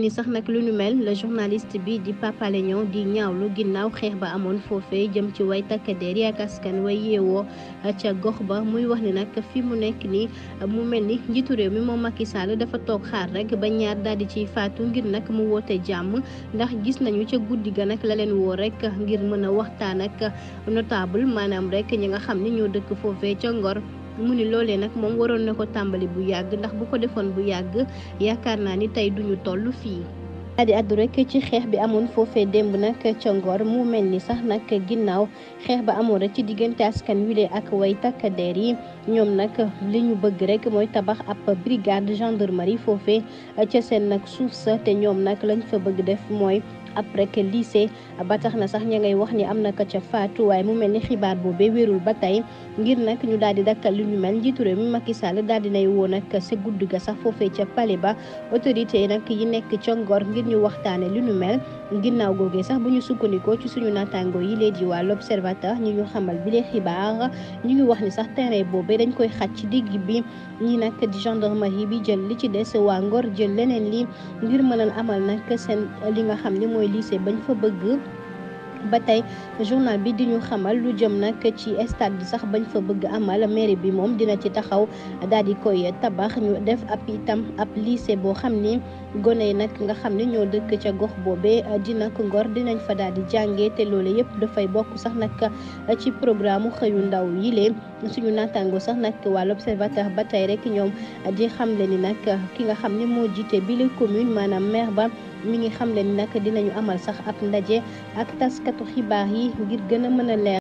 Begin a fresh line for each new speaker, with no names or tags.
ni sax nag lu nu mel la journaliste bi di Pape Alé Niang di ñaawlu ginnaaw xeex ba amoon foofee jëm ci way takkadeer yi ak askan way yeewoo ca gox ba muy wax ni nag fi mu nekk nii mu mel ni njiitu réew mi moom Macky Sall dafa toog xaar rek ba ñaar daal di ciy faatu ngir nag mu woote jàmm ndax gis nañu ca guddi ga nag la leen woo rek ngir mën a waxtaan ak notable maanaam rek ñi nga xam ni ñoo dëkk foofee ca Ngor. mu ni loolee nag moom waroon na ko tàmbali bu yàgg ndax bu ko defoon bu yàgg yaakaar naa ni tey duñu toll fii daal di àddu rek ci xeex bi amoon foofee démb nag ca Ngor mu mel ni sax nag ginnaaw xeex ba amoon rek ci diggante askan wi ak way takk der yi ñoom nag li ñu bëgg rek mooy tabax ab brigade gendarmerie foofee ca seen nag suuf sa te ñoom nag lañ fa bëgg def mooy après que lycée ba tax na sax ña ngay wax ni am na ko ca faatu waaye mu mel ni xibaar boobee wérul ba tey ngir nag ñu daal di dakkal li ñu mel njiitu mu mi Macky Sall daal di nay woo nag sa gudd ga sax foofee ca pale ba autorité nag yi nekk ca Ngor ngir ñu waxtaane li ñu mel ginnaaw googee sax bu ñu sukkandikoo ci suñu naataango yi lee di waa l'observateur ñi ñu xamal bi lee xibaar ñu ngi wax ni sax terrain boobee dañ koy xaj ci digg bi ñi nag di gendarmerie bi jël li ci des waa Ngor jël leneen li ngir mënal amal nag seen li nga xam ni mooy lycée bañ fa bëgg ba tey journal bi di ñu xamal lu jëm nag ci stade bi sax bañ fa bëgg amal mairie bi moom dina ci taxaw daal di koy tabax ñu def ab itam ab lycée boo xam ni gone yi nag nga xam ne ñoo dëkk ca gox boobee dina ko ngor dinañ fa daal di jàngee te loolu yëpp dafay bokk sax nag ci programme xëyu ndaw yi lee suñu naataango sax nag waa l'Observateur ba tey rek ñoom di xamle ni nag ki nga xam ne moo jiite bi la commune maanaam maire ba mi ngi xam leen nag dinañu amal sax ab ndaje ak taskatu xibaar yi ngir gën a mën a leer